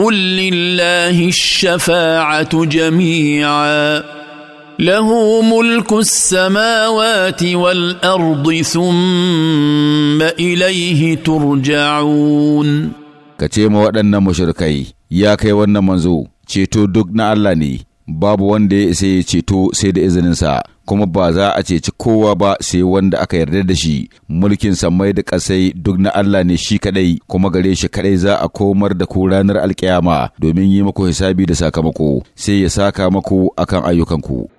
قل لله الشفاعه جميعا له ملك السماوات والارض ثم اليه ترجعون كتيما ودنا مشركي يا كي ودنا منزو تشيتو دوغنا الله babu wanda ya isa ya ceto sai da izininsa kuma ba za a ceci kowa ba sai wanda aka yarda da shi mulkin samai da kasai duk na Allah ne shi kadai kuma gare shi kadai za a komar da ku ranar alkiyama domin yi maku hisabi da sakamako sai ya saka maku akan ayyukanku